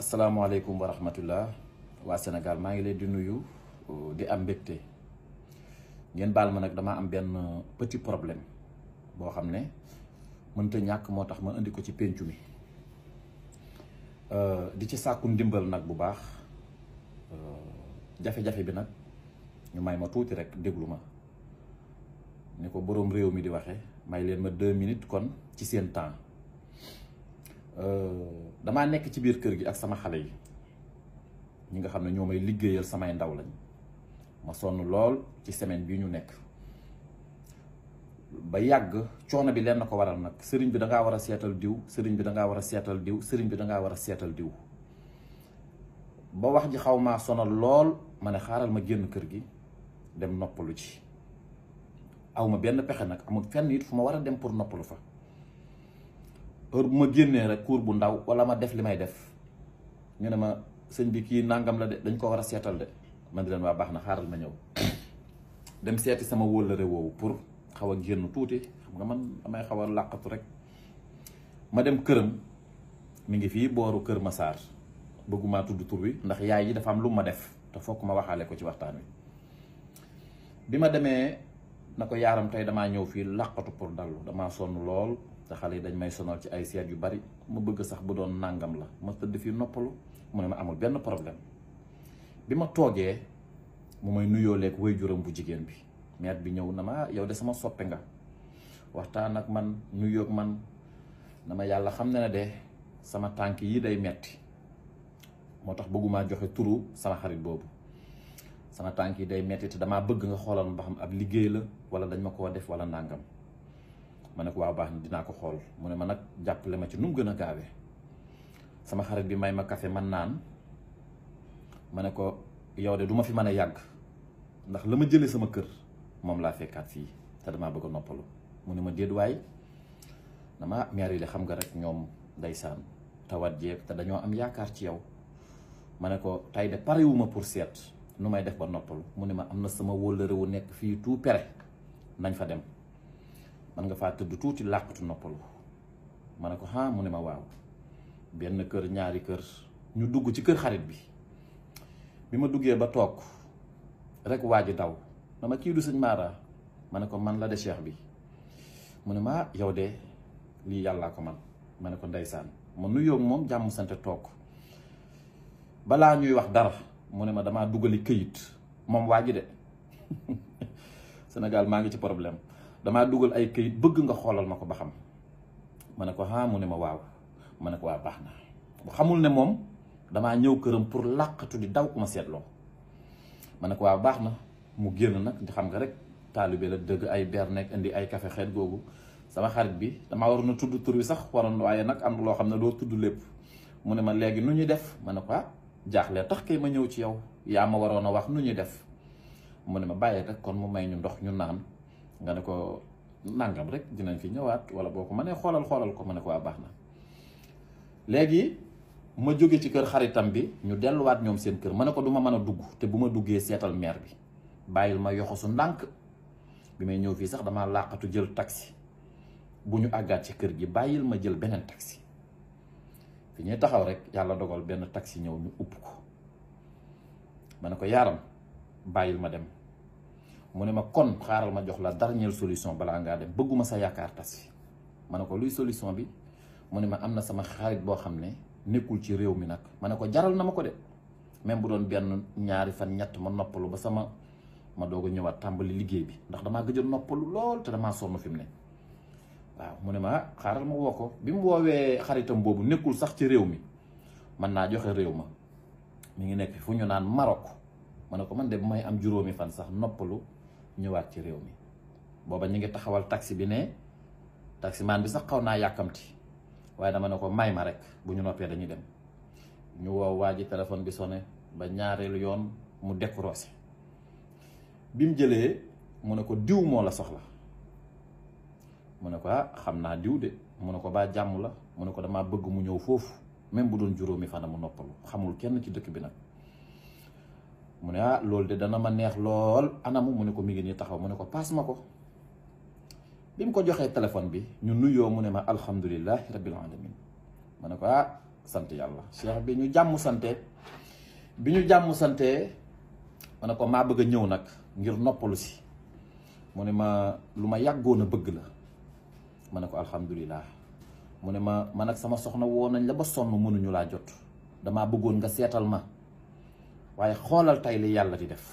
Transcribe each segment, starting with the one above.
asalaamaaleykum wa rahmatullah waa senegal maa ngi leen di nuyu uh, di am mbégte ngeen baal ma nag dama am benn petit problème boo xam ne mënta ñàkk moo tax ma indi ko ci péncu mi uh, di ci sàkku ndimbal nag bu baax uh, jafe-jafe bi nag ñu may ma tuuti rek déglu ma ni ko boroom réew mi di waxe may leen ma deux minutes kon ci seen temps Euh, damaa nekk ci biir kër gi ak sama xale yi ñi nga xam ne ñoo may liggéeyal samay ndaw lañ ma sonn lool ci semaine bi ñu nekk ba yàgg coono bi leen lenn ko waral nag sëriñ bi da ngaa war a seetal diw sëriñ bi da ngaa war a seetal diw sëriñ bi da war seetal diw ba wax ji xaw maa sonal lool ma ne xaaral ma génn kër gi dem noppalu ci aw ma benn pexe nag amul fenn yit fu ma war a dem pour noppalu fa. heure bu ma génnee rek cours bu ndaw wala ma def li may def ñu ne ma sëñ bi kii nangam la de dañ ko war a seetal de man di leen waa baax na xaaral ma ñëw dem seeti sama wóllëre woowu pour xaw a génn tuuti xam nga man damay xaw a làqatu rek ma dem këram mu ngi fii booru Kër Massar bëgguma tudd tur wi ndax yaay yi dafa am lu ma def te fokk ma waxaale ko ci waxtaan wi bi ma demee na ko yaaram tey damaa ñëw fii làqatu pour dallu damaa sonn lool te xale yi dañ may sonal ci ay seet yu bari ma bëgg sax bu doon nàngam la ma tëdd fii noppalu mu ne ma amul benn problème bi ma toogee mu may nuyoo lekk way juróom bu jigéen bi maître bi ñëw na ma ah, yow de sama soppe nga waxtaan ak man nuyoog man na ma yàlla xam ne na de sama tànk yi day metti moo tax bëggumaa joxe turu sama xarit boobu sama tànk yi day metti te damaa bëgg nga xoolal mbaxam xam ab liggéey la wala dañ ma koo def wala nàngam ma ne ko waaw baax na dinaa ko xool mu ne ma nag jàppale ma ci nu mu gën a gaawee sama xarit bi may ma café man naan ma ne ko yow de duma fi mën a yàgg ndax la ma jëlee sama kër moom laa fekkaat fii te damaa bëgg a noppalu mu ne ma déet waay damaa ah, de xam nga rek ñoom ndeysaan tawat jeeg te dañoo am yaakaar ci yow ma ne ko tey de parewuma pour seet nu may def ba noppalu mu ne ma am na sama wóllëre wu nekk fii tout pere nañ fa dem man nga faa tëdd tuuti làqatu noppalu ma ne ko ah mu ne ma waaw benn kër ñaari kër ñu dugg ci kër xarit bi bi ma duggee ba toog rekk waa ji daw dama ma kii du sëñ Mara ma ne ko man la de cheikh bi mu ne ma ah, yow de lii yàllaa ko man ma ne ko ndeysaan ma nuyoo moom jàmm sante toog balaa ñuy wax dara mu ne ma damaa dugali këyit moom waa ji de senegal maa ngi ci problème damaa dugal ay këyit bëgg nga xoolal ma ko ba xam ma ne ko ah mu ne ma waaw ma ne ko waa baax na bu xamul ne moom damaa ñëw këram pour làqatu di daw ku ma seetloo ma ne ko waa baax na mu génn nag di xam nga rek taalibe la dëgg ay ber nekk indi ay kafe xeet googu sama xarit bi damaa waroon a tudd tur bi sax waroon waaye nag am loo xam ne doo tudd lépp mu ne ma léegi nu ñuy def ma ne ko ah jaaxle tax kay ma ñëw ci yow yaa ma waroon a wax nu ñuy def mu ne ma bàyyi rek kon mu may ñu ndox ñu naan nga ne ko nangam rek dinañ fi ñëwaat wala boo ko mënee xoolal xoolal ko ma ne ko waa ah, baax na léegi ma jóge ci kër xaritam bi ñu delluwaat ñoom seen kër ma ne ko du ma mën a dugg te bu ma duggee seetal meer bi bàyyil ma yoxosu ndànk bi may ñëw fii sax dama làqatu jël taxi bu ñu àggaat ci kër gi bàyyil ma jël beneen taxi fi ñuy taxaw rek yàlla dogal benn taxi ñëw ñu upp ko ma ne ko yaaram bàyyil ma dem mu ne ma kon xaaral ma jox la dernière solution balaa ngaa dem bëgguma sa yaakaar tas ma ne ko luy solution bi mu ne ma am na sama xarit boo xam ne nekkul ci réew mi nag ma ne ko jaral na ma ko de même bu doon benn ñaari fan ñett ma noppalu ba sama ma doog ñëwaat tàmbali liggéey bi ndax damaa gëj a lool te damaa fi mu ne waaw mu ne ma xaaral ma woo ko bi mu woowee xaritam boobu nekkul sax ci réew mi man naa joxe réew ma mu ngi nekk fu ñu naan Maroc ma ne ko man de bu may am juróomi fan sax noppalu ñëwaat ci réew mi booba ñu ngi taxawal taxi bi ne taximaan bi sax xaw naa yàkkamti waaye dama ne ko may ma rekk bu ñu noppee dañuy dem ñu woo waa ji téléphone bi sone ba ñaareelu yoon mu décroché bi mu jëlee mu ne ko diw moo la soxla mu ne ko ah xam naa diw de mu ne ko baa jàmm la mu ne ko damaa bëgg mu ñëw foofu même bu doon juróomi fana mu noppalu xamul kenn ci dëkk bi nag mu ne ah loolu de dana ma neex lool anamu mu ne ko mi ngi nii taxaw mu ne ko paas ma ko bi mu ko joxee téléphone bi ñu nuyoo mu ne ma alhamdulilahi rabbil alamin ma ne ko ah sant yàlla cheikh bi ñu jàmm sante bi ñu jàmm sante ma ne ko maa bëgg a ñëw nag ngir noppalu si mu ne ma lu ma yàggoon a bëgg la mu ne ko alhamdulilah mu ne ma man ak sama soxna woo nañ la ba sonn mënuñu laa jot damaa bëggoon nga seetal ma waaye xoolal tay li yàlla di def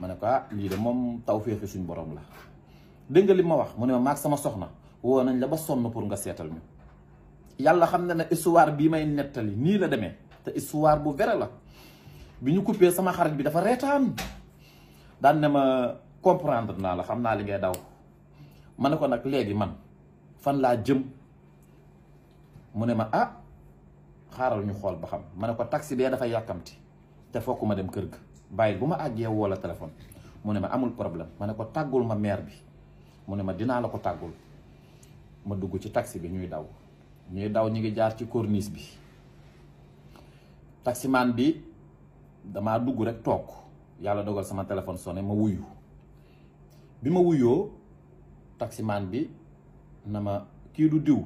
ma ne ko ah lii de moom taw tawféexi suñ boroom la dégg li ma wax mu ne ma maag sama soxna woo nañ la ba sonn pour nga seetal ñu yàlla xam na ne histoire bii may nettali nii la demee te histoire bu vrai la bi ñu coupé sama xarit bi dafa reetaan daan ne ma comprendre naa la xam naa li ngay daw ma ne ko nag léegi man fan laa jëm mu ne ma ah xaaral ñu xool ba xam ma ne ko taxi bee dafa yàkkamti te fokk ma dem kër ga bàyyil bu ma àggee woo la téléphone mu ne ma amul problème ma ne ko tàggul ma maire bi mu ne ma dinaa la ko tàggul ma dugg ci taxi bi ñuy daw ñuy daw ñu ngi jaar ci korniis bi taximaan bi damaa dugg rek toog yàlla dogal sama téléphone sone ma wuyu bi ma wuyoo taximaan bi na ma kii du diw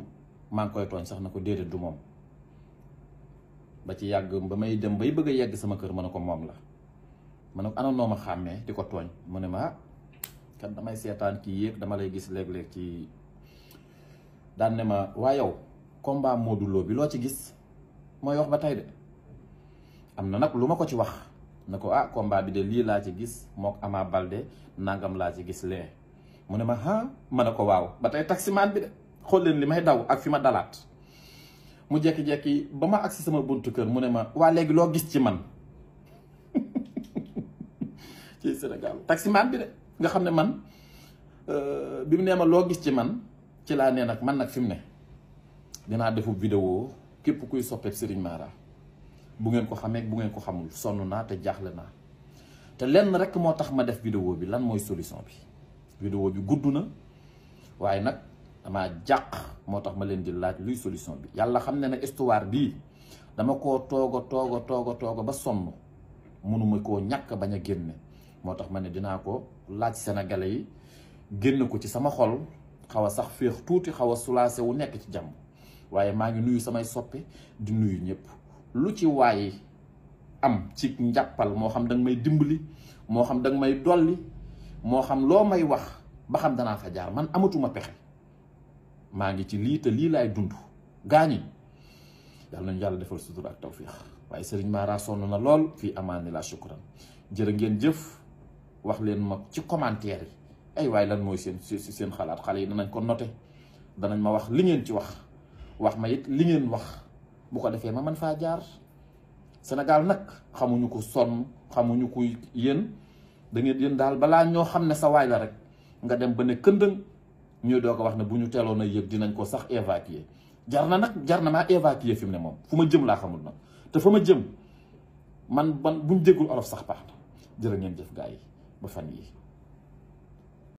maa ngi koy tooñ sax na ko déedéet du moom ba ci yàgg ba may dem bay bëgg a yegg sama kër ma ne ko moom la ma ne ko ana xàmmee di ko tooñ mu ne ma ah kat damay seetaan kii yéeg dama lay gis léeg ci daan ma waa yow combat bi loo ci gis mooy wax ba tey am na nag lu ma ko ci wax ne ko ah combat lii laa ci gis mook Ama Balde nangam laa ci gis lee mu ne ma ah? ma ne ko waaw ba tey taximaan bi de xool leen li may daw ak fi ma dalaat. mu jekki-jekki ba ma agsi sama buntu kër mu ne ma waa léegi loo gis ci man ci Sénégal taximaan bi de nga xam ne man euh, bi mu nee ma loo gis ci man ci laa nee nag man nag fi ne dinaa defu video képp kuy soppeeb Serigne Mara bu ngeen ko xamee bu ngeen ko xamul sonn naa te jaaxle naa te lenn rek moo tax ma def vidéo bi lan mooy solution bi vidéo bi gudd na waaye nag dama jàq moo tax ma leen di laaj luy solution bi yàlla xam ne ne histoire bii dama koo tooga tooga tooga tooga ba sonn mënuma koo ñàkk bañ a génne moo tax ma ne dinaa ko laaj sénégalais yi génn ko ci sama xol xaw a sax féex tuuti xaw a sulaase wu nekk ci jàmm waaye maa ngi nuyu samay soppe di nuyu ñëpp lu ci waaye am ci njàppal moo xam danga may dimbali moo xam danga may dolli moo xam loo may wax ba xam danaa fa jaar man amatuma pexe maa ngi ci lii te lii laay dund gaañi yàlla nañu yàlla defal sutur ak tawfiix waaye sëriñ Mara sonn na lool fii amaani la shukran ngeen jëf wax leen ma ci commentaire yi ay waaye lan mooy seen seen xalaat xale yi danañ ko noté danañ ma wax li ngeen ci wax wax ma it li ngeen wax bu ko defee ma man faa jaar Sénégal nag xamuñu ko sonn xamuñu ko yéen da ngeen daal balaa ñoo xam ne sa waay la rek nga dem ba ne këndëng ñu doo ko wax ne bu ñu teeloon a yëg dinañ ko sax évacuer jar na nag jar na maa évacuer fi mu ne moom fu ma jëm laa xamul nag te fa ma jëm man ban buñ déggul olof sax baax na jërë ngeen jëf gaa yi ba fan yi